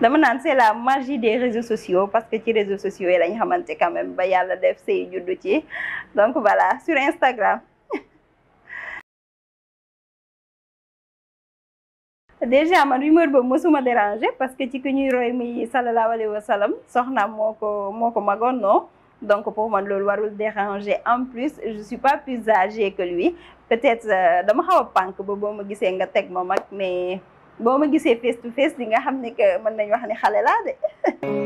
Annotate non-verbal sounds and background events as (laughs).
dama naan c'est la magie des réseaux sociaux parce que ci réseaux sociaux yi la ñu quand même ba yalla def sey juddu ci donc voilà sur Instagram. (laughs) déjà man rumeur boobu mosuma déranger parce que ci ku ñuy roy mi sallallahu alayhi wa sallam soxnaam moko moko moo non donc pour moi, loolu warul déranger en plus je suis pas plus âgée que lui peut-être euh, dama xaw a pas ba boo ma gisee nga teg ma mag mais si je suis face to face je nga que mën nañ wax ne xale la (laughs)